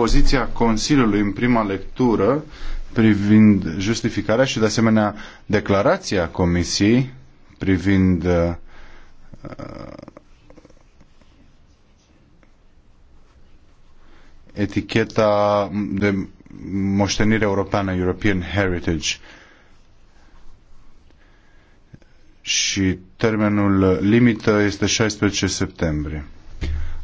poziția Consiliului în prima lectură privind justificarea și de asemenea declarația Comisiei privind uh, uh eticheta de moștenire europeană, European Heritage, și termenul limită este 16 septembrie.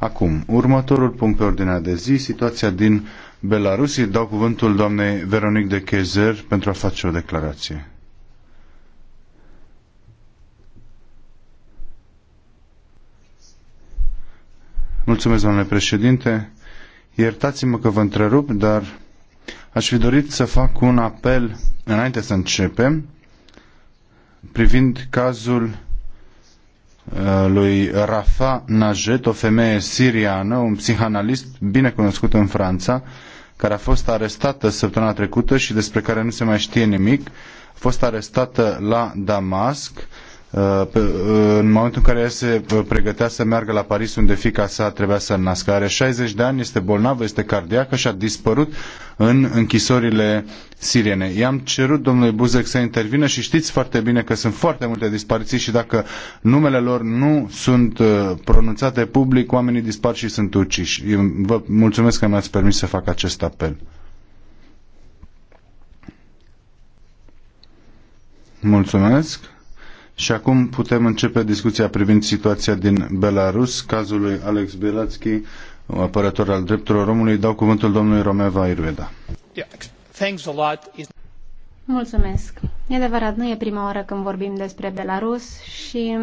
Acum, următorul punct pe ordinea de zi, situația din Belarus. Îi dau cuvântul doamnei Veronic de Chezer pentru a face o declarație. Mulțumesc, domnule președinte. Iertați-mă că vă întrerup, dar aș fi dorit să fac un apel înainte să începem privind cazul Uh, lui Rafa Najet, o femeie siriană, un psihanalist bine cunoscut în Franța, care a fost arestată săptămâna trecută și despre care nu se mai știe nimic. A fost arestată la Damasc Uh, uh, în momentul în care ea se uh, pregătea să meargă la Paris unde fica sa trebuia să nască. Are 60 de ani, este bolnavă, este cardiacă și a dispărut în închisorile siriene. I-am cerut domnului Buzek să intervină și știți foarte bine că sunt foarte multe dispariții și dacă numele lor nu sunt pronunțate public, oamenii dispar și sunt uciși. Eu vă mulțumesc că mi-ați permis să fac acest apel. Mulțumesc. Și acum putem începe discuția privind situația din Belarus, cazul lui Alex Bielatski, apărător al drepturilor omului. Dau cuvântul domnului Romeva Irveda. Mulțumesc. E adevărat, nu e prima oară când vorbim despre Belarus și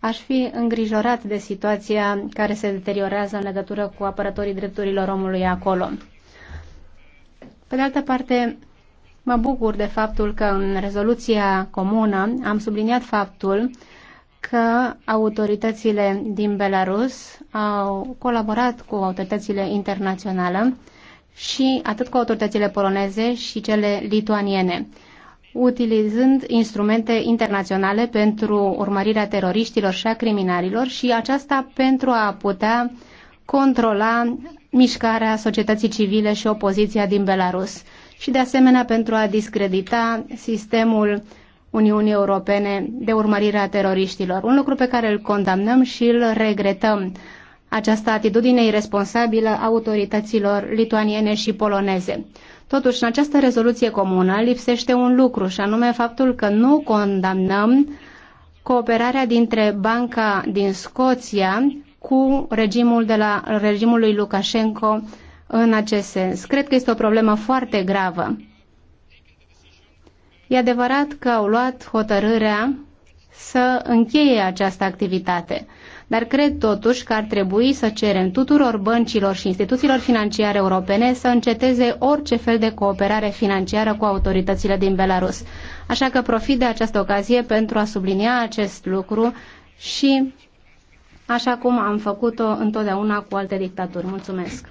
aș fi îngrijorat de situația care se deteriorează în legătură cu apărătorii drepturilor omului acolo. Pe de altă parte, Mă bucur de faptul că în rezoluția comună am subliniat faptul că autoritățile din Belarus au colaborat cu autoritățile internaționale și atât cu autoritățile poloneze și cele lituaniene, utilizând instrumente internaționale pentru urmărirea teroriștilor și a criminalilor și aceasta pentru a putea controla mișcarea societății civile și opoziția din Belarus și de asemenea pentru a discredita sistemul Uniunii Europene de urmărire a teroriștilor. Un lucru pe care îl condamnăm și îl regretăm. Această atitudine irresponsabilă a autorităților lituaniene și poloneze. Totuși, în această rezoluție comună lipsește un lucru, și anume faptul că nu condamnăm cooperarea dintre banca din Scoția cu regimul, de la, regimul lui Lukashenko în acest sens. Cred că este o problemă foarte gravă. E adevărat că au luat hotărârea să încheie această activitate, dar cred totuși că ar trebui să cerem tuturor băncilor și instituțiilor financiare europene să înceteze orice fel de cooperare financiară cu autoritățile din Belarus. Așa că profit de această ocazie pentru a sublinia acest lucru și așa cum am făcut-o întotdeauna cu alte dictaturi. Mulțumesc!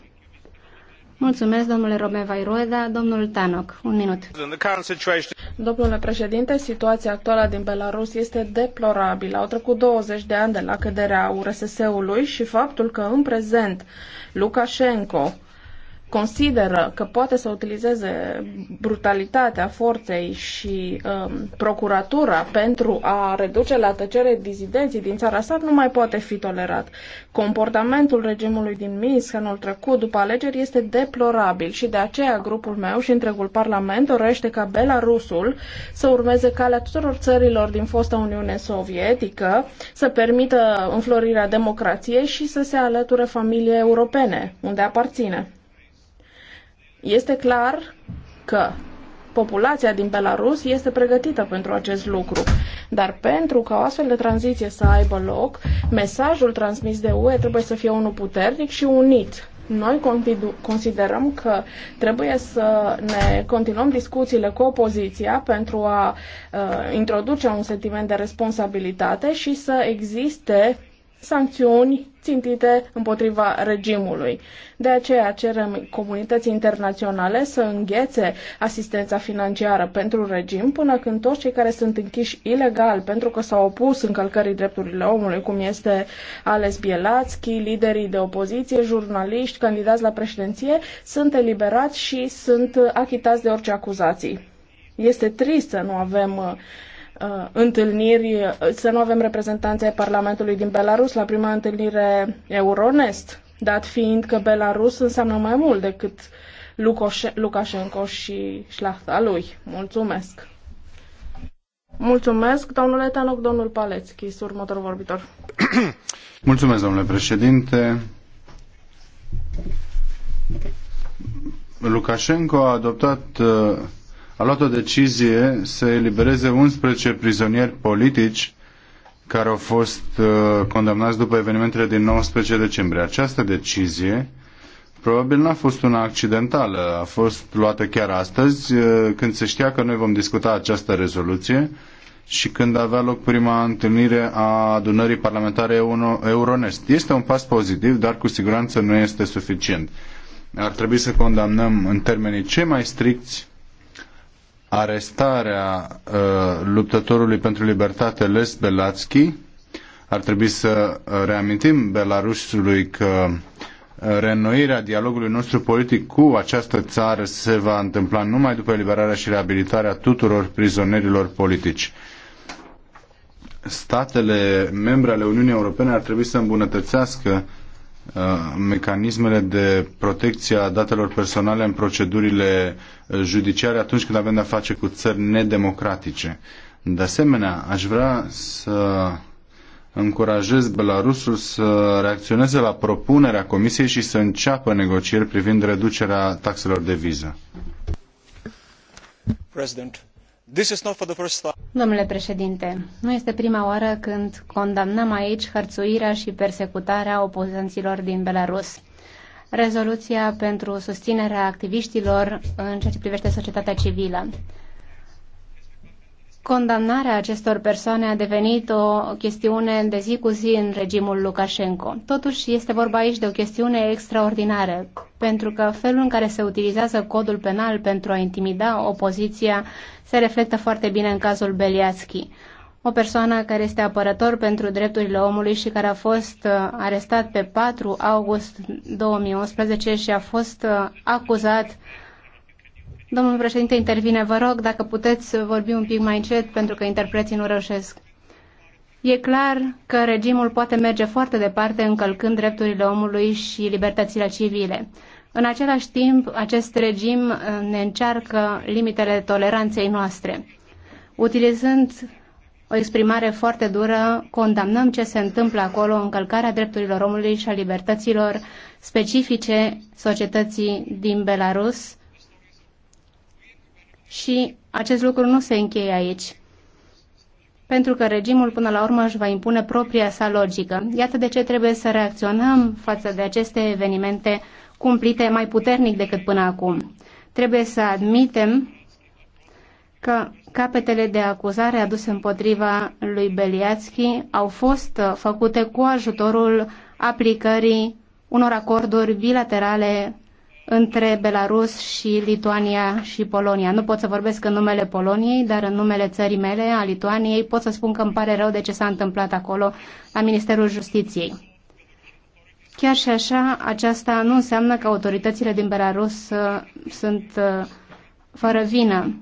Mulțumesc, domnule Romeva Vairoeda. Domnul Tanoc, un minut. Domnule președinte, situația actuală din Belarus este deplorabilă. Au trecut 20 de ani de la căderea URSS-ului și faptul că în prezent Lukashenko consideră că poate să utilizeze brutalitatea forței și um, procuratura pentru a reduce la tăcere dizidenții din țara sa, nu mai poate fi tolerat. Comportamentul regimului din Minsk anul trecut după alegeri este deplorabil și de aceea grupul meu și întregul Parlament dorește ca Belarusul să urmeze calea tuturor țărilor din fosta Uniune Sovietică, să permită înflorirea democrației și să se alăture familiei europene, unde aparține. Este clar că populația din Belarus este pregătită pentru acest lucru. Dar pentru ca o astfel de tranziție să aibă loc, mesajul transmis de UE trebuie să fie unul puternic și unit. Noi considerăm că trebuie să ne continuăm discuțiile cu opoziția pentru a uh, introduce un sentiment de responsabilitate și să existe sancțiuni țintite împotriva regimului. De aceea cerem comunității internaționale să înghețe asistența financiară pentru regim până când toți cei care sunt închiși ilegal pentru că s-au opus încălcării drepturilor omului, cum este Ales Bielatski, liderii de opoziție, jurnaliști, candidați la președinție, sunt eliberați și sunt achitați de orice acuzații. Este trist să nu avem uh, uh, întâlniri, să nu avem reprezentanți ai Parlamentului din Belarus la prima întâlnire Euronest, dat fiind că Belarus înseamnă mai mult decât Lukashenko și șlahta lui. Mulțumesc! Mulțumesc, domnule Tanoc, domnul Palețchi, următorul vorbitor. Mulțumesc, domnule președinte. Lukashenko a adoptat uh, a luat o decizie să elibereze 11 prizonieri politici care au fost uh, condamnați după evenimentele din 19 decembrie. Această decizie probabil n-a fost una accidentală, a fost luată chiar astăzi, uh, când se știa că noi vom discuta această rezoluție și când avea loc prima întâlnire a adunării parlamentare Euronest. Este un pas pozitiv, dar cu siguranță nu este suficient. Ar trebui să condamnăm în termenii cei mai stricți arestarea uh, luptătorului pentru libertate Les Belatski. Ar trebui să uh, reamintim Belarusului că uh, reînnoirea dialogului nostru politic cu această țară se va întâmpla numai după eliberarea și reabilitarea tuturor prizonierilor politici. Statele membre ale Uniunii Europene ar trebui să îmbunătățească Uh, mecanismele de protecție a datelor personale în procedurile uh, judiciare atunci când avem de-a face cu țări nedemocratice. De asemenea, aș vrea să încurajez Belarusul să reacționeze la propunerea Comisiei și să înceapă negocieri privind reducerea taxelor de viză. President. Domnule președinte, nu este prima oară când condamnăm aici hărțuirea și persecutarea opozanților din Belarus. Rezoluția pentru susținerea activiștilor în ceea ce privește societatea civilă. Condamnarea acestor persoane a devenit o chestiune de zi cu zi în regimul Lukashenko. Totuși, este vorba aici de o chestiune extraordinară, pentru că felul în care se utilizează codul penal pentru a intimida opoziția se reflectă foarte bine în cazul Beliatski. O persoană care este apărător pentru drepturile omului și care a fost uh, arestat pe 4 august 2011 și a fost uh, acuzat Domnul președinte intervine, vă rog, dacă puteți vorbi un pic mai încet, pentru că interpreții nu reușesc. E clar că regimul poate merge foarte departe încălcând drepturile omului și libertățile civile. În același timp, acest regim uh, ne încearcă limitele toleranței noastre. Utilizând o exprimare foarte dură, condamnăm ce se întâmplă acolo, încălcarea drepturilor omului și a libertăților specifice societății din Belarus, și acest lucru nu se încheie aici pentru că regimul până la urmă își va impune propria sa logică. Iată de ce trebuie să reacționăm față de aceste evenimente cumplite mai puternic decât până acum. Trebuie să admitem că capetele de acuzare aduse împotriva lui Beliatski au fost uh, făcute cu ajutorul aplicării unor acorduri bilaterale între Belarus și Lituania și Polonia. Nu pot să vorbesc în numele Poloniei, dar în numele țării mele, a Lituaniei, pot să spun că îmi pare rău de ce s-a întâmplat acolo la Ministerul Justiției. Chiar și așa, aceasta nu înseamnă că autoritățile din Belarus uh, sunt uh, fără vină.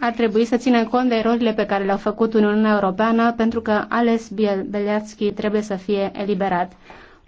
ar trebui să ținem cont de erorile pe care le-au făcut Uniunea Europeană pentru că Ales Biel Beliatski trebuie să fie eliberat.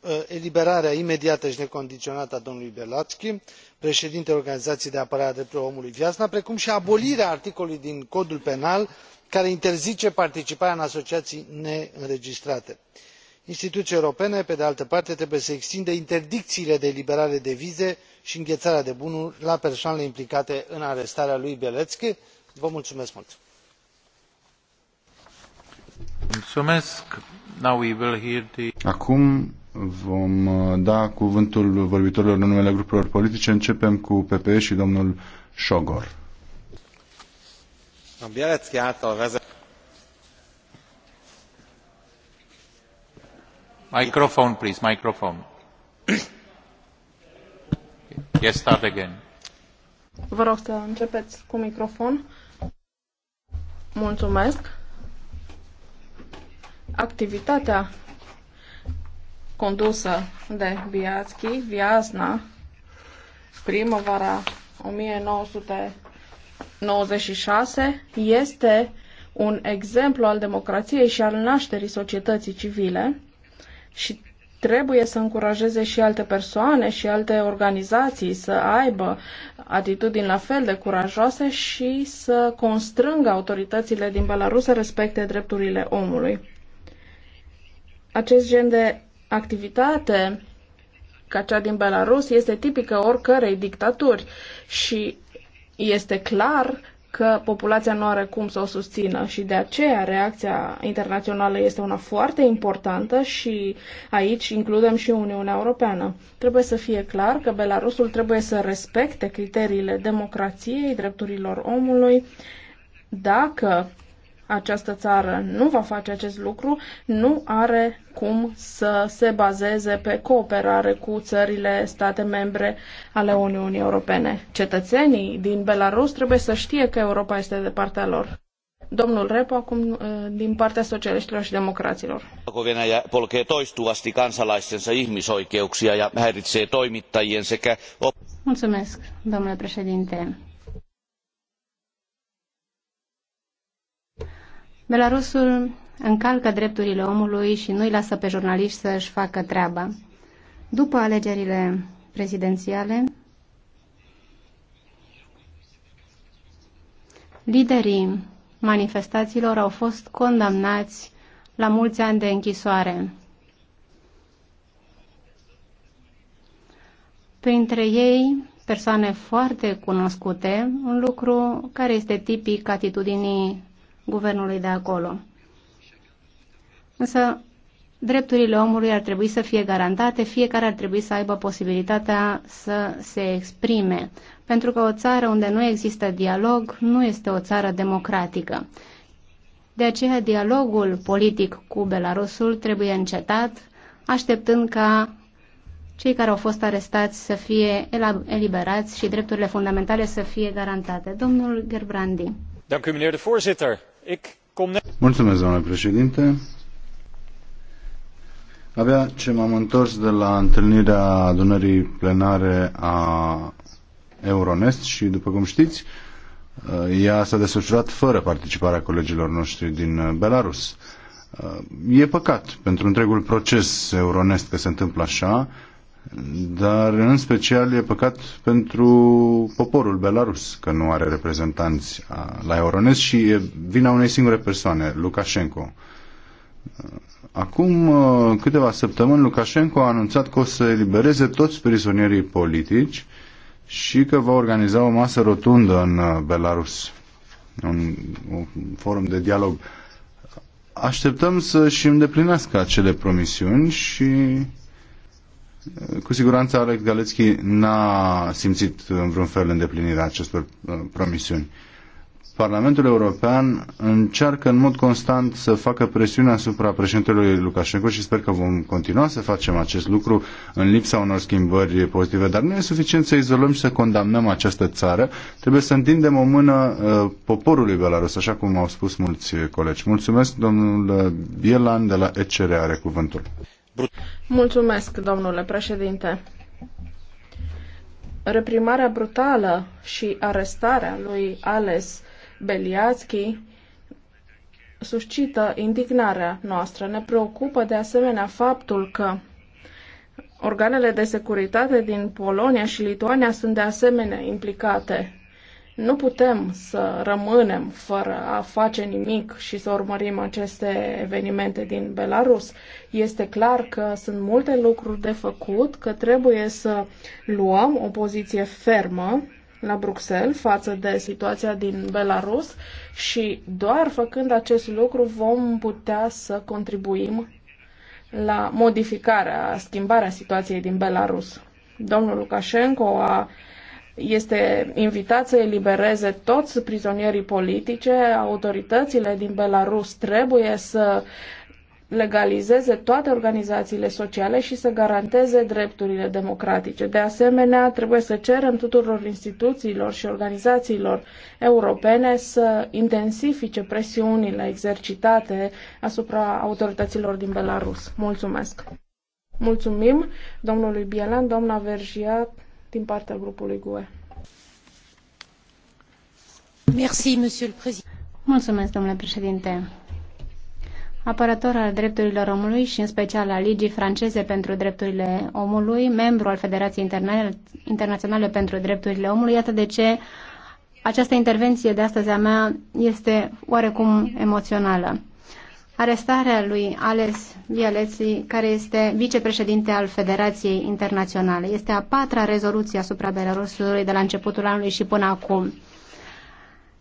Uh, eliberarea imediată i necondiionată a domnului belaki preedintele organizaiei de apărare a drepturilor omului viasna precum i abolirea articolului din codul penal care interzice participarea în asociaii neînregistrate. instituiile europene pe de altă parte trebuie să extindă interdiciile de eliberare de vize i înghearea de bunuri la persoanele implicate în arestarea lui belaki. vă mulumesc mult! acum Vom uh, da cuvântul vorbitorilor în numele grupurilor politice. Începem cu PPE și domnul Șogor. Microphone, please, microphone. yes, start again. Vă rog să începeți cu microfon. Mulțumesc. Activitatea condusă de Biațchi, Viasna, primăvara 1996, este un exemplu al democrației și al nașterii societății civile și trebuie să încurajeze și alte persoane și alte organizații să aibă atitudini la fel de curajoase și să constrângă autoritățile din Belarus să respecte drepturile omului. Acest gen de activitate ca cea din Belarus este tipică oricărei dictaturi și este clar că populația nu are cum să o susțină și de aceea reacția internațională este una foarte importantă și aici includem și Uniunea Europeană. Trebuie să fie clar că Belarusul trebuie să respecte criteriile democrației, drepturilor omului. Dacă această țară nu va face acest lucru, nu are cum să se bazeze pe cooperare cu țările state membre ale Uniunii Europene. Cetățenii din Belarus trebuie să știe că Europa este de partea lor. Domnul Repo, acum uh, din partea socialiștilor și democraților. Venäjä polkee toistuvasti kansalaistensa ihmisoikeuksia ja häiritsee toimittajien sekä... Mulțumesc, domnule președinte. Belarusul încalcă drepturile omului și nu-i lasă pe jurnaliști să-și facă treaba. După alegerile prezidențiale, liderii manifestațiilor au fost condamnați la mulți ani de închisoare. Printre ei, persoane foarte cunoscute, un lucru care este tipic atitudinii guvernului de acolo. Însă, drepturile omului ar trebui să fie garantate, fiecare ar trebui să aibă posibilitatea să se exprime, pentru că o țară unde nu există dialog nu este o țară democratică. De aceea, dialogul politic cu Belarusul trebuie încetat, așteptând ca cei care au fost arestați să fie eliberați și drepturile fundamentale să fie garantate. Domnul Gerbrandi. Dank u, meneer de voorzitter. Mulțumesc, domnule președinte. Abia ce m-am întors de la întâlnirea adunării plenare a Euronest și, după cum știți, ea s-a desfășurat fără participarea colegilor noștri din Belarus. E păcat pentru întregul proces Euronest că se întâmplă așa dar în special e păcat pentru poporul belarus că nu are reprezentanți la Euronest și e vina unei singure persoane, Lukashenko. Acum câteva săptămâni Lukashenko a anunțat că o să elibereze toți prizonierii politici și că va organiza o masă rotundă în Belarus, un, un forum de dialog. Așteptăm să și îndeplinească acele promisiuni și cu siguranță Alex Galețchi n-a simțit în vreun fel îndeplinirea acestor uh, promisiuni. Parlamentul European încearcă în mod constant să facă presiune asupra președintelui Lukashenko și sper că vom continua să facem acest lucru în lipsa unor schimbări pozitive. Dar nu e suficient să izolăm și să condamnăm această țară. Trebuie să întindem o mână uh, poporului Belarus, așa cum au spus mulți colegi. Mulțumesc, domnul Bielan de la ECR are cuvântul. Mulțumesc, domnule președinte. Reprimarea brutală și arestarea lui Ales Beliatski suscită indignarea noastră. Ne preocupă de asemenea faptul că organele de securitate din Polonia și Lituania sunt de asemenea implicate nu putem să rămânem fără a face nimic și să urmărim aceste evenimente din Belarus. Este clar că sunt multe lucruri de făcut, că trebuie să luăm o poziție fermă la Bruxelles față de situația din Belarus și doar făcând acest lucru vom putea să contribuim la modificarea, schimbarea situației din Belarus. Domnul Lukashenko a este invitat să elibereze toți prizonierii politice, autoritățile din Belarus trebuie să legalizeze toate organizațiile sociale și să garanteze drepturile democratice. De asemenea, trebuie să cerem tuturor instituțiilor și organizațiilor europene să intensifice presiunile exercitate asupra autorităților din Belarus. Mulțumesc! Mulțumim domnului Bielan, doamna Vergiat din partea grupului GUE. Merci, monsieur le président. Mulțumesc, domnule președinte. Apărător al drepturilor omului și în special al Ligii franceze pentru drepturile omului, membru al Federației Internaționale pentru Drepturile Omului, iată de ce această intervenție de astăzi a mea este oarecum emoțională arestarea lui Ales Bialeții, care este vicepreședinte al Federației Internaționale. Este a patra rezoluție asupra Belarusului de la începutul anului și până acum.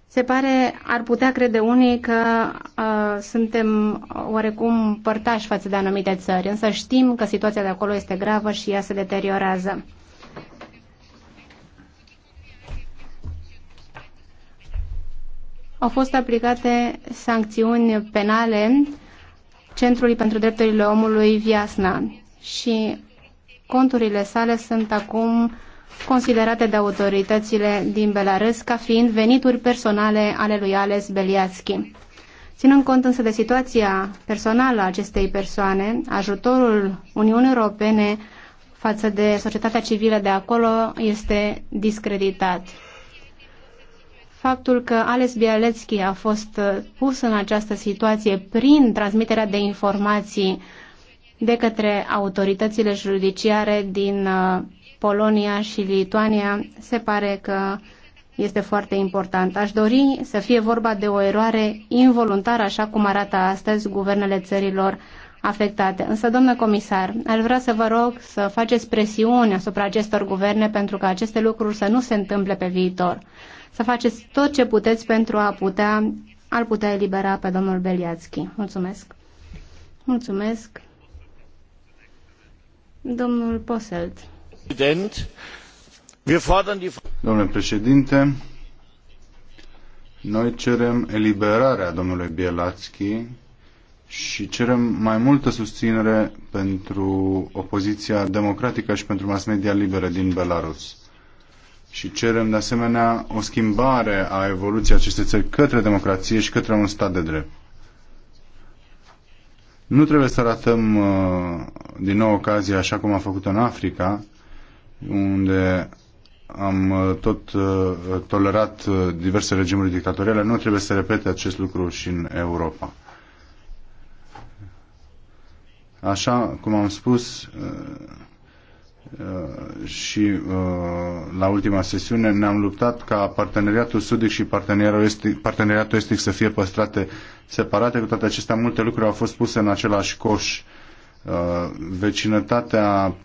Se pare, ar putea crede unii că uh, suntem oarecum părtași față de anumite țări, însă știm că situația de acolo este gravă și ea se deteriorează. au fost aplicate sancțiuni penale Centrului pentru Drepturile Omului Viasna și conturile sale sunt acum considerate de autoritățile din Belarus ca fiind venituri personale ale lui Ales Beliatski. Ținând cont însă de situația personală a acestei persoane, ajutorul Uniunii Europene față de societatea civilă de acolo este discreditat faptul că Ales Bialetski a fost uh, pus în această situație prin transmiterea de informații de către autoritățile judiciare din uh, Polonia și Lituania, se pare că este foarte important. Aș dori să fie vorba de o eroare involuntară, așa cum arată astăzi guvernele țărilor afectate. Însă, domnule comisar, aș vrea să vă rog să faceți presiune asupra acestor guverne pentru ca aceste lucruri să nu se întâmple pe viitor. Să faceți tot ce puteți pentru a putea, ar putea elibera pe domnul Beliațchi. Mulțumesc. Mulțumesc. Domnul Poselt. Domnule președinte, noi cerem eliberarea domnului Bielatski și cerem mai multă susținere pentru opoziția democratică și pentru mass media liberă din Belarus. Și cerem de asemenea o schimbare a evoluției acestei țări către democrație și către un stat de drept. Nu trebuie să ratăm uh, din nou ocazia așa cum am făcut în Africa, unde am uh, tot uh, tolerat diverse regimuri dictatoriale. Nu trebuie să repete acest lucru și în Europa. Așa cum am spus uh, uh, și uh, la ultima sesiune, ne-am luptat ca parteneriatul sudic și parteneriatul estic, parteneriatul estic să fie păstrate separate. Cu toate acestea, multe lucruri au fost puse în același coș. Vecinătatea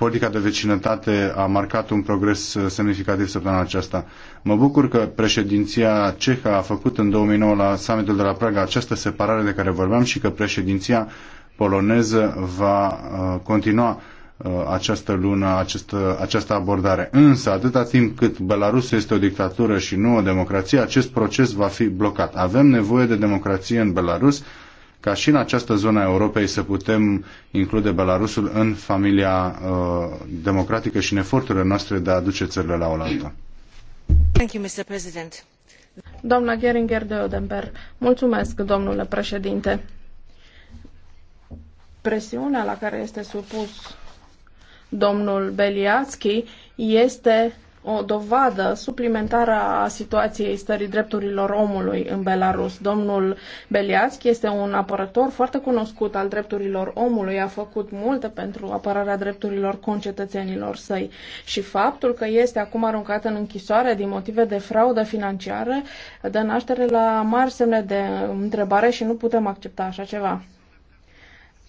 politica de vecinătate a marcat un progres uh, semnificativ săptămâna aceasta. Mă bucur că președinția cehă a făcut în 2009 la summitul de la Praga această separare de care vorbeam și că președinția poloneză va uh, continua uh, această lună, această, această abordare. Însă, atâta timp cât Belarus este o dictatură și nu o democrație, acest proces va fi blocat. Avem nevoie de democrație în Belarus ca și în această zonă a Europei să putem include Belarusul în familia uh, democratică și în eforturile noastre de a aduce țările la oaltă. Thank you, Mr. President. Doamna Geringer de Odenberg, mulțumesc, domnule președinte. Presiunea la care este supus domnul Beliatski este o dovadă suplimentară a situației stării drepturilor omului în Belarus. Domnul Beliațchi este un apărător foarte cunoscut al drepturilor omului, a făcut multe pentru apărarea drepturilor concetățenilor săi și faptul că este acum aruncat în închisoare din motive de fraudă financiară dă naștere la mari semne de întrebare și nu putem accepta așa ceva.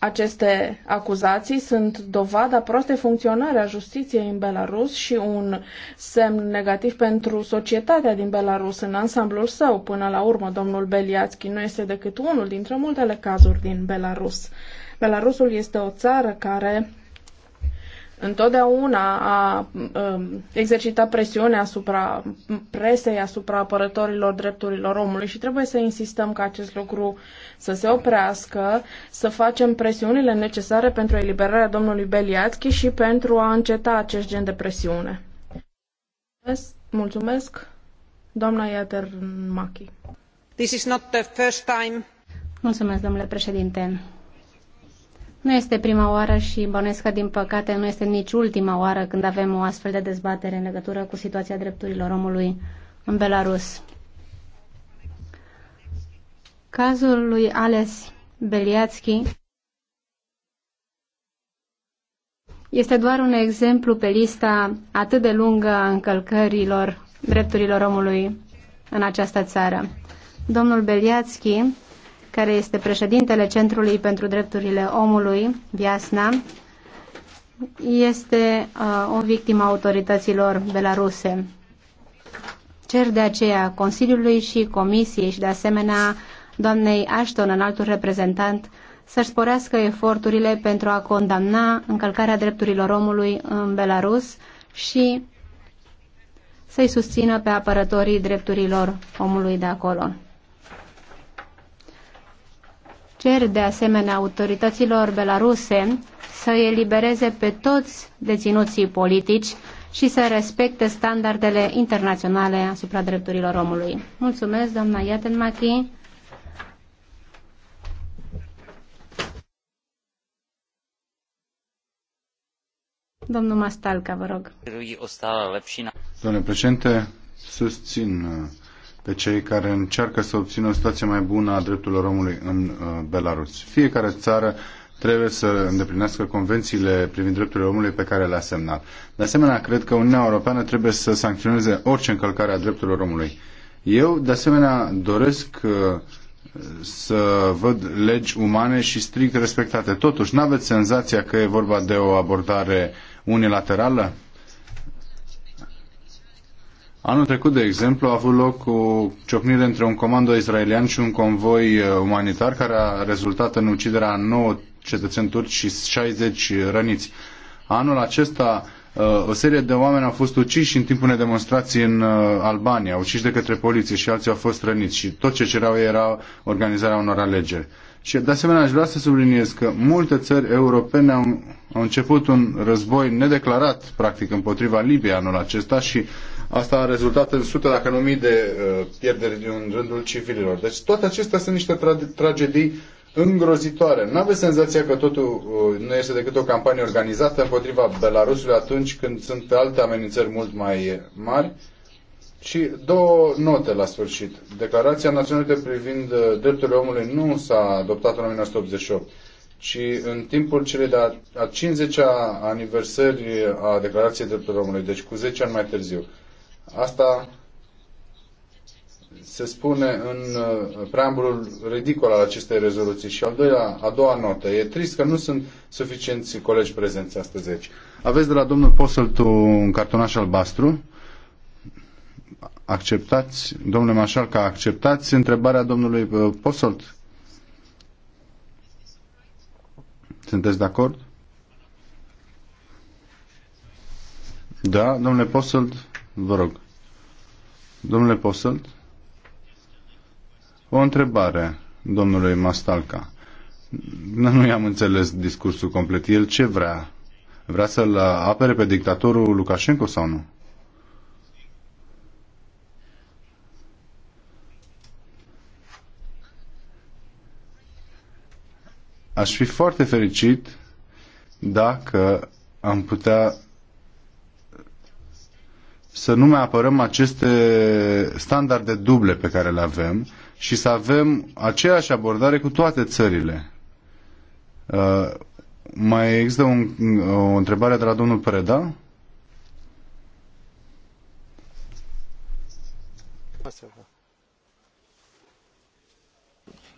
Aceste acuzații sunt dovada prostei funcționare a justiției în Belarus și un semn negativ pentru societatea din Belarus în ansamblul său. Până la urmă, domnul Beliațchi nu este decât unul dintre multele cazuri din Belarus. Belarusul este o țară care întotdeauna a um, exercitat presiune asupra presei, asupra apărătorilor drepturilor omului și trebuie să insistăm ca acest lucru să se oprească, să facem presiunile necesare pentru eliberarea domnului Beliatski și pentru a înceta acest gen de presiune. Mulțumesc, doamna Iater Machi. This is not the first time. Mulțumesc, domnule președinte. Nu este prima oară și bănuiesc că, din păcate, nu este nici ultima oară când avem o astfel de dezbatere în legătură cu situația drepturilor omului în Belarus. Cazul lui Ales Beliatski este doar un exemplu pe lista atât de lungă a încălcărilor drepturilor omului în această țară. Domnul Beliatski care este președintele Centrului pentru Drepturile Omului, Viasna, este uh, o victimă a autorităților belaruse. Cer de aceea Consiliului și Comisiei și de asemenea doamnei Ashton, în altul reprezentant, să-și sporească eforturile pentru a condamna încălcarea drepturilor omului în Belarus și să-i susțină pe apărătorii drepturilor omului de acolo. Cer de asemenea autorităților belaruse să elibereze pe toți deținuții politici și să respecte standardele internaționale asupra drepturilor omului. Mulțumesc, doamna Iatenmachi. Domnul Mastalca, vă rog. Domnule președinte, susțin uh, pe cei care încearcă să obțină o situație mai bună a drepturilor omului în uh, Belarus. Fiecare țară trebuie să îndeplinească convențiile privind drepturile omului pe care le-a semnat. De asemenea, cred că Uniunea Europeană trebuie să sancționeze orice încălcare a drepturilor omului. Eu, de asemenea, doresc uh, să văd legi umane și strict respectate. Totuși, n-aveți senzația că e vorba de o abordare unilaterală? Anul trecut, de exemplu, a avut loc o ciocnire între un comando israelian și un convoi uh, umanitar care a rezultat în uciderea a 9 cetățeni turci și 60 răniți. Anul acesta uh, o serie de oameni au fost uciși în timpul unei demonstrații în uh, Albania, uciși de către poliție și alții au fost răniți și tot ce cereau ei era organizarea unor alegeri. Și de asemenea aș vrea să subliniez că multe țări europene au, au început un război nedeclarat, practic, împotriva Libiei anul acesta și Asta a rezultat în sute, dacă nu mii, de uh, pierderi în rândul civililor. Deci toate acestea sunt niște tra- tragedii îngrozitoare. Nu aveți senzația că totul uh, nu este decât o campanie organizată împotriva Belarusului atunci când sunt alte amenințări mult mai mari? Și două note la sfârșit. Declarația Națională privind uh, drepturile omului nu s-a adoptat în 1988, ci în timpul celei de-a 50-a aniversări a Declarației Drepturilor Omului, deci cu 10 ani mai târziu. Asta se spune în uh, preambulul ridicol al acestei rezoluții. Și al doilea, a doua notă. E trist că nu sunt suficienți colegi prezenți astăzi aici. Aveți de la domnul Posteltu un cartonaș albastru. Acceptați, domnule Mașalca, acceptați întrebarea domnului uh, Postelt? Sunteți de acord? Da, domnule Postelt, Vă rog. Domnule Posălt? O întrebare, domnului Mastalca. Nu i-am înțeles discursul complet. El ce vrea? Vrea să-l apere pe dictatorul Lukashenko sau nu? Aș fi foarte fericit dacă am putea să nu mai apărăm aceste standarde duble pe care le avem și să avem aceeași abordare cu toate țările. Uh, mai există un, o întrebare de la domnul Preda?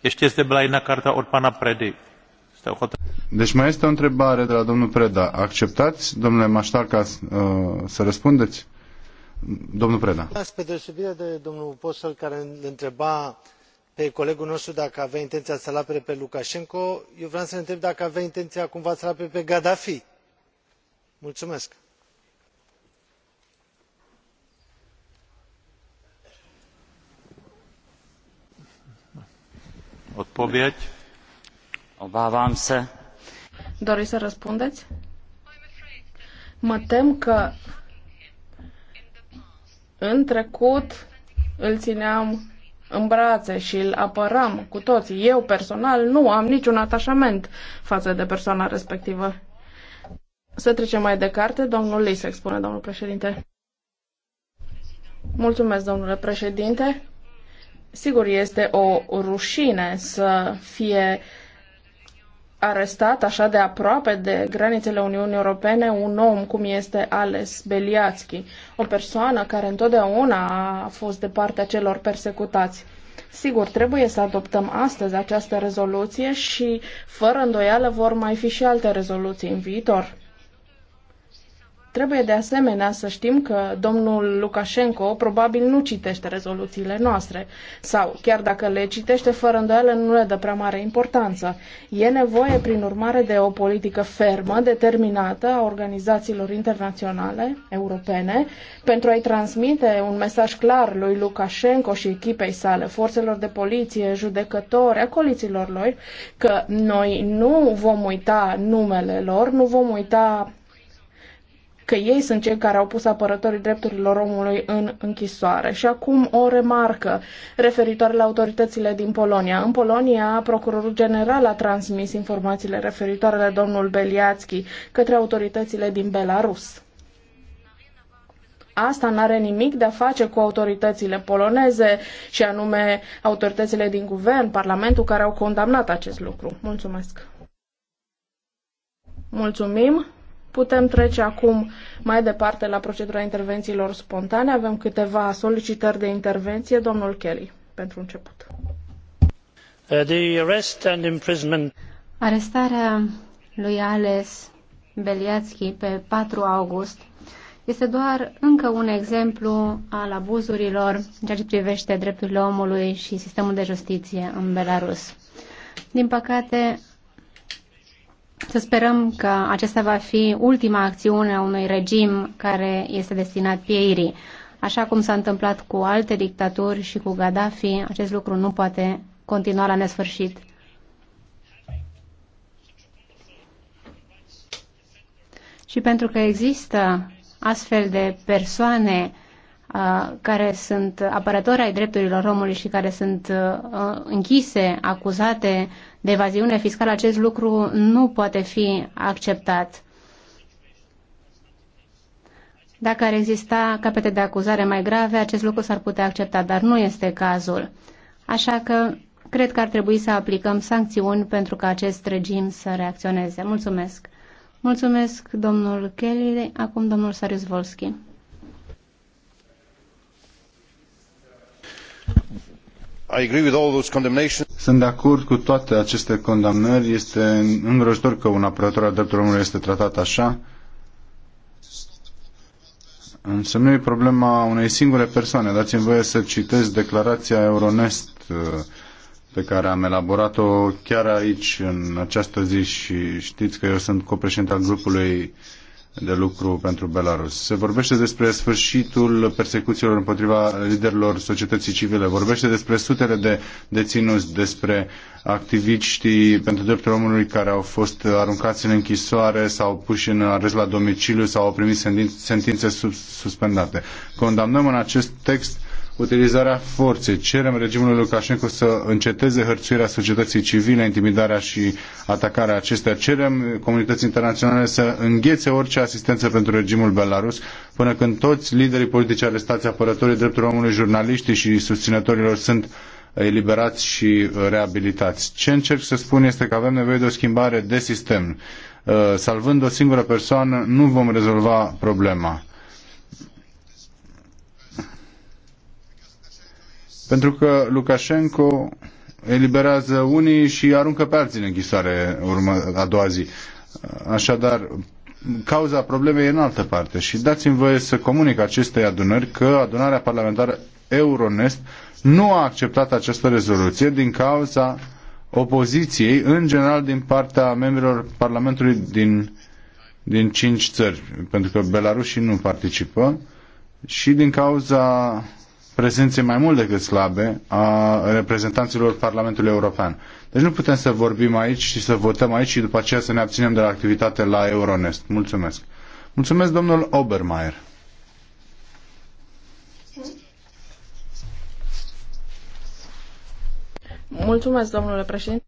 Ești este blaina carta Orpana Predei. Deci mai este o întrebare de la domnul Preda. Acceptați, domnule Maștarca, uh, să răspundeți? Spre deosebire de domnul Posselt care îl întreba pe colegul nostru dacă avea intenția să l apere pe Lukashenko, eu vreau să îl întreb dacă avea intenția cumva să l apere pe Gaddafi. Mulțumesc. Obávám se. Doriți să răspundeți? Mă tem că în trecut îl țineam în brațe și îl apăram cu toții. Eu personal nu am niciun atașament față de persoana respectivă. Să trecem mai departe. Domnul Lis spune, domnul președinte. Mulțumesc, domnule președinte. Sigur, este o rușine să fie uh, arestat așa de aproape de granițele Uniunii Europene un om cum este Ales Beliatski, o persoană care întotdeauna a fost de partea celor persecutați. Sigur, trebuie să adoptăm astăzi această rezoluție și, fără îndoială, vor mai fi și alte rezoluții în viitor. Trebuie de asemenea să știm că domnul Lukashenko probabil nu citește rezoluțiile noastre sau chiar dacă le citește fără îndoială nu le dă prea mare importanță. E nevoie prin urmare de o politică fermă, determinată a organizațiilor internaționale, europene, pentru a-i transmite un mesaj clar lui Lukashenko și echipei sale, forțelor de poliție, judecători, acoliților lor, că noi nu vom uita numele lor, nu vom uita că ei sunt cei care au pus apărătorii drepturilor omului în închisoare. Și acum o remarcă referitoare la autoritățile din Polonia. În Polonia, procurorul general a transmis informațiile referitoare la domnul Beliațchi către autoritățile din Belarus. Asta nu are nimic de a face cu autoritățile poloneze și anume autoritățile din guvern, Parlamentul, care au condamnat acest lucru. Mulțumesc! Mulțumim! Putem trece acum mai departe la procedura intervențiilor spontane. Avem câteva solicitări de intervenție. Domnul Kelly, pentru început. Uh, the arrest and imprisonment. Arestarea lui Ales Beliatski pe 4 august este doar încă un exemplu al abuzurilor în ceea ce privește drepturile omului și sistemul de justiție în Belarus. Din păcate, să sperăm că acesta va fi ultima acțiune a unui regim care este destinat pieirii. Așa cum s-a întâmplat cu alte dictaturi și cu Gaddafi, acest lucru nu poate continua la nesfârșit. Și pentru că există astfel de persoane uh, care sunt apărători ai drepturilor omului și care sunt uh, închise, acuzate de evaziune fiscală, acest lucru nu poate fi acceptat. Dacă ar exista capete de acuzare mai grave, acest lucru s-ar putea accepta, dar nu este cazul. Așa că cred că ar trebui să aplicăm sancțiuni pentru ca acest regim să reacționeze. Mulțumesc! Mulțumesc, domnul Kelly. Acum, domnul Sarius Volski. Sunt de acord cu toate aceste condamnări. Este îngrozitor că un apărător al drepturilor omului este tratat așa. Însă nu e problema unei singure persoane. Dați-mi voie să citesc declarația Euronest uh, pe care am elaborat-o chiar aici, în această zi, și știți că eu sunt copreședinte al grupului uh, de lucru pentru Belarus. Se vorbește despre sfârșitul persecuțiilor împotriva liderilor societății civile, vorbește despre sutele de deținuți, despre activiștii pentru drepturile omului care au fost aruncați în închisoare sau puși în arest la domiciliu sau au primit sentințe suspendate. Condamnăm în acest text utilizarea forței. Cerem regimului Lukashenko să înceteze hărțuirea societății civile, intimidarea și atacarea acestea. Cerem comunității internaționale să înghețe orice asistență pentru regimul Belarus până când toți liderii politici arestați, apărătorii drepturilor omului, jurnaliștii și susținătorilor sunt eliberați și reabilitați. Ce încerc să spun este că avem nevoie de o schimbare de sistem. Uh, salvând o singură persoană, nu vom rezolva problema Pentru că Lukashenko eliberează unii și aruncă pe alții în închisoare urmă, a doua zi. Așadar, cauza problemei e în altă parte și dați-mi voie să comunic acestei adunări că adunarea parlamentară Euronest nu a acceptat această rezoluție din cauza opoziției, în general din partea membrilor Parlamentului din, din cinci țări, pentru că belarușii nu participă, și din cauza prezențe mai mult decât slabe a reprezentanților Parlamentului European. Deci nu putem să vorbim aici și să votăm aici și după aceea să ne abținem de la activitate la Euronest. Mulțumesc. Mulțumesc, domnul Obermeier. Mulțumesc, domnule președinte.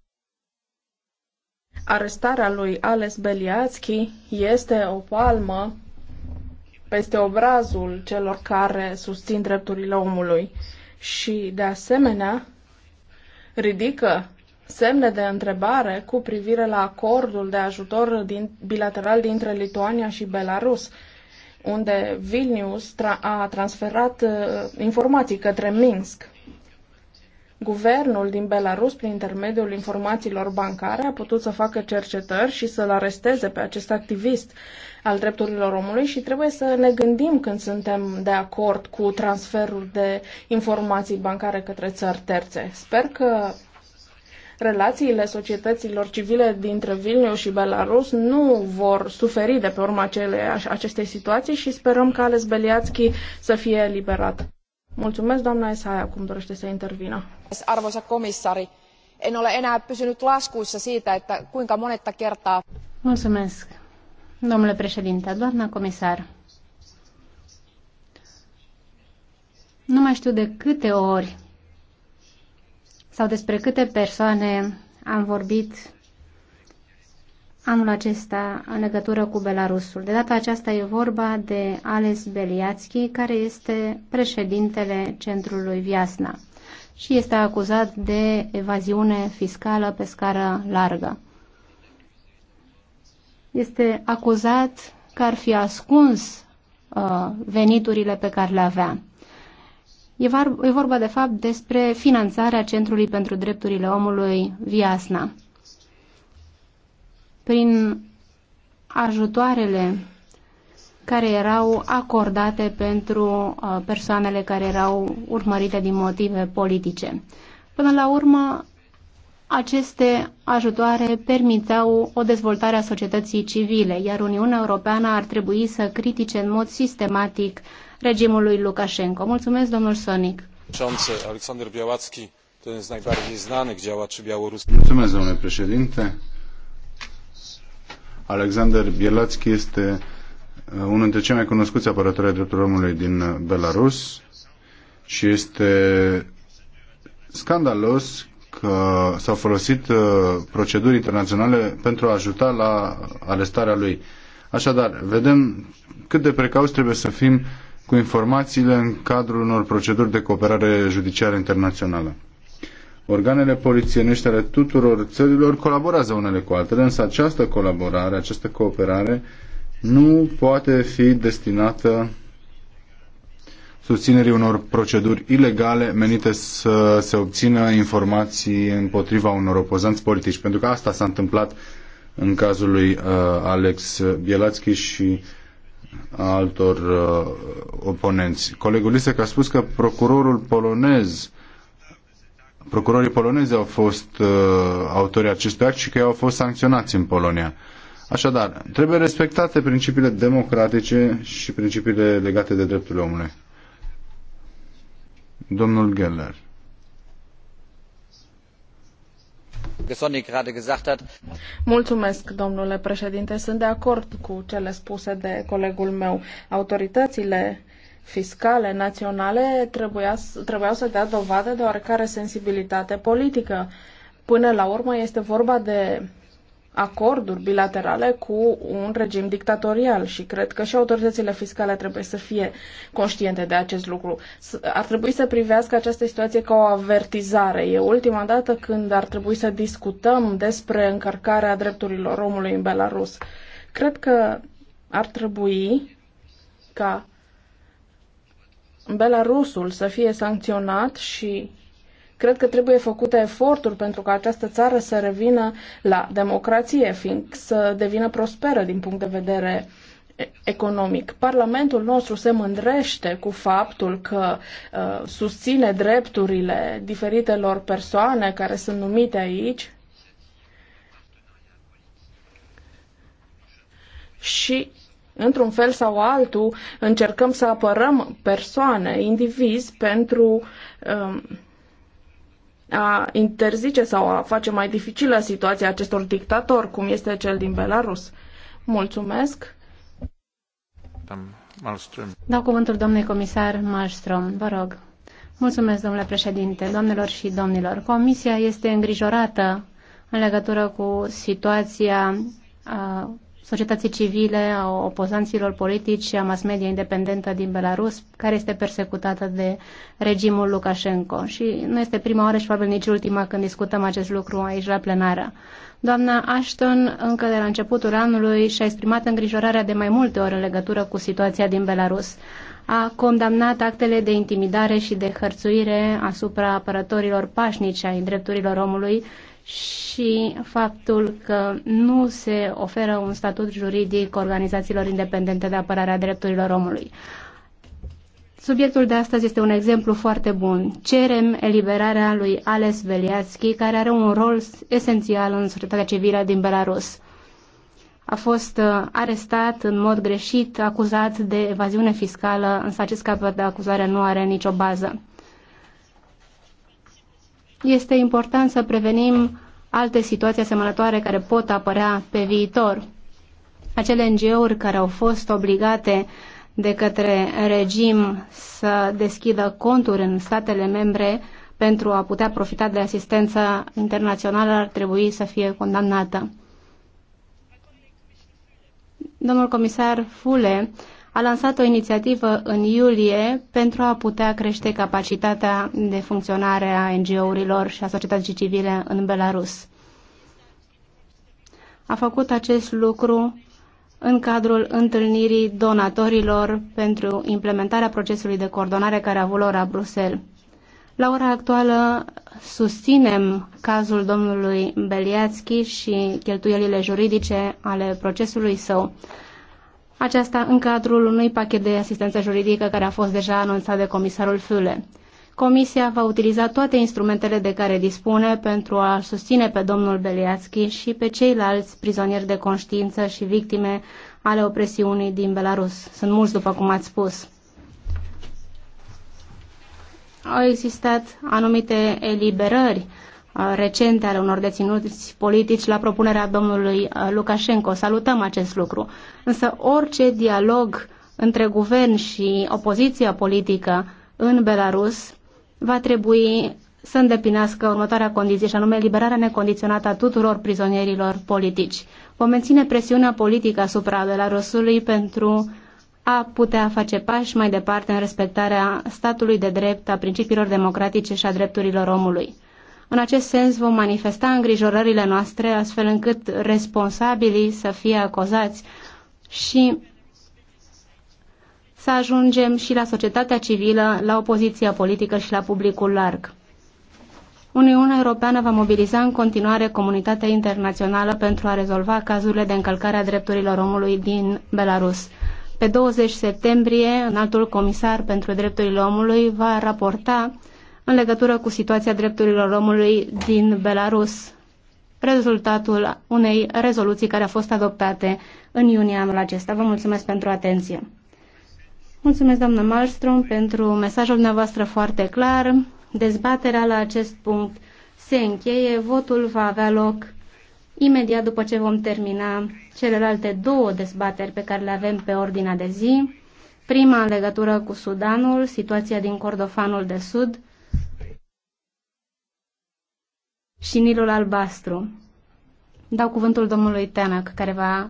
Arestarea lui Ales Beliatski este o palmă peste obrazul celor care susțin drepturile omului și, de asemenea, ridică semne de întrebare cu privire la acordul de ajutor din, bilateral dintre Lituania și Belarus, unde Vilnius tra- a transferat uh, informații către Minsk. Guvernul din Belarus, prin intermediul informațiilor bancare, a putut să facă cercetări și să-l aresteze pe acest activist al drepturilor omului și trebuie să ne gândim când suntem de acord cu transferul de informații bancare către țări terțe. Sper că relațiile societăților civile dintre Vilnius și Belarus nu vor suferi de pe urma acestei situații și sperăm că Ales Beliatski să fie eliberat. Mulțumesc, doamna Esaia, cum dorește să intervină. Arvoisa komissari, en ole enää pysynyt laskuissa siitä, että kuinka monetta kertaa... Mulțumesc, domnule președinte, doamna comisar. Nu mai știu de câte ori sau despre câte persoane am vorbit anul acesta în legătură cu Belarusul. De data aceasta e vorba de Ales Beliatski, care este președintele centrului Viasna și este acuzat de evaziune fiscală pe scară largă. Este acuzat că ar fi ascuns uh, veniturile pe care le avea. E, var, e vorba, de fapt, despre finanțarea Centrului pentru Drepturile Omului Viasna prin ajutoarele care erau acordate pentru uh, persoanele care erau urmărite din motive politice. Până la urmă, aceste ajutoare permiteau o dezvoltare a societății civile, iar Uniunea Europeană ar trebui să critique în mod sistematic regimul lui Lukashenko. Mulțumesc, domnul Sonic. Alexander Białacki, najbardziej Mulțumesc, domnule președinte. Alexander Bielatski este uh, unul dintre cei mai cunoscuți apărători ai drepturilor omului din uh, Belarus și este scandalos că s-au folosit uh, proceduri internaționale pentru a ajuta la arestarea lui. Așadar, vedem cât de precauți trebuie să fim cu informațiile în cadrul unor proceduri de cooperare judiciară internațională. Organele polițienești ale tuturor țărilor colaborează unele cu altele, însă această colaborare, această cooperare nu poate fi destinată susținerii unor proceduri ilegale menite să se obțină informații împotriva unor opozanți politici. Pentru că asta s-a întâmplat în cazul lui uh, Alex Bielațchi și altor uh, oponenți. Colegul Lisek a spus că procurorul polonez procurorii polonezi au fost uh, autorii acestui act și că ei au fost sancționați în Polonia. Așadar, trebuie respectate principiile democratice și principiile legate de drepturile omului. Domnul Geller. Mulțumesc, domnule președinte. Sunt de acord cu cele spuse de colegul meu. Autoritățile fiscale naționale trebuia, trebuiau să dea dovadă de oarecare sensibilitate politică. Până la urmă este vorba de acorduri bilaterale cu un regim dictatorial și cred că și autoritățile fiscale trebuie să fie conștiente de acest lucru. Ar trebui să privească această situație ca o avertizare. E ultima dată când ar trebui să discutăm despre încărcarea drepturilor omului în Belarus. Cred că ar trebui ca Belarusul să fie sancționat și cred că trebuie făcute eforturi pentru ca această țară să revină la democrație, fiind să devină prosperă din punct de vedere economic. Parlamentul nostru se mândrește cu faptul că uh, susține drepturile diferitelor persoane care sunt numite aici și Într-un fel sau altul, încercăm să apărăm persoane, indivizi, pentru um, a interzice sau a face mai dificilă situația acestor dictatori, cum este cel din Belarus. Mulțumesc! Malmström. Dau cuvântul domnului comisar Malmström. Vă rog. Mulțumesc, domnule președinte, doamnelor și domnilor. Comisia este îngrijorată în legătură cu situația societății civile, a opozanților politici și a mass media independentă din Belarus, care este persecutată de regimul Lukashenko. Și nu este prima oară și probabil nici ultima când discutăm acest lucru aici la plenară. Doamna Ashton, încă de la începutul anului, și-a exprimat îngrijorarea de mai multe ori în legătură cu situația din Belarus. A condamnat actele de intimidare și de hărțuire asupra apărătorilor pașnici ai drepturilor omului și faptul că nu se oferă un statut juridic organizațiilor independente de apărare a drepturilor omului. Subiectul de astăzi este un exemplu foarte bun. Cerem eliberarea lui Ales Veliatski, care are un rol esențial în societatea civilă din Belarus. A fost uh, arestat în mod greșit, acuzat de evaziune fiscală, însă acest capăt de acuzare nu are nicio bază este important să prevenim alte situații asemănătoare care pot apărea pe viitor. Acele NGO-uri care au fost obligate de către regim să deschidă conturi în statele membre pentru a putea profita de asistența internațională ar trebui să fie condamnată. Domnul comisar Fule a lansat o inițiativă în iulie pentru a putea crește capacitatea de funcționare a NGO-urilor și a societății civile în Belarus. A făcut acest lucru în cadrul întâlnirii donatorilor pentru implementarea procesului de coordonare care a avut loc la Bruxelles. La ora actuală susținem cazul domnului Beliațchi și cheltuielile juridice ale procesului său aceasta în cadrul unui pachet de asistență juridică care a fost deja anunțat de comisarul Füle. Comisia va utiliza toate instrumentele de care dispune pentru a susține pe domnul Beliatski și pe ceilalți prizonieri de conștiință și victime ale opresiunii din Belarus. Sunt mulți, după cum ați spus. Au existat anumite eliberări Uh, recente ale unor deținuți politici la propunerea domnului uh, Lukashenko. Salutăm acest lucru. Însă orice dialog între guvern și opoziția politică în Belarus va trebui să îndepinească următoarea condiție, și anume liberarea necondiționată a tuturor prizonierilor politici. Vom menține presiunea politică asupra Belarusului pentru a putea face pași mai departe în respectarea statului de drept, a principiilor democratice și a drepturilor omului. În acest sens vom manifesta îngrijorările noastre astfel încât responsabilii să fie acozați și să ajungem și la societatea civilă, la opoziția politică și la publicul larg. Uniunea Europeană va mobiliza în continuare comunitatea internațională pentru a rezolva cazurile de încălcare a drepturilor omului din Belarus. Pe 20 septembrie, înaltul comisar pentru drepturile omului va raporta în legătură cu situația drepturilor omului din Belarus, rezultatul unei rezoluții care a fost adoptate în iunie anul acesta. Vă mulțumesc pentru atenție. Mulțumesc, doamnă Malmström, pentru mesajul dumneavoastră foarte clar. Dezbaterea la acest punct se încheie. Votul va avea loc imediat după ce vom termina celelalte două dezbateri pe care le avem pe ordinea de zi. Prima în legătură cu Sudanul, situația din Cordofanul de Sud, și Nilul Albastru. Dau cuvântul domnului Teanac, care va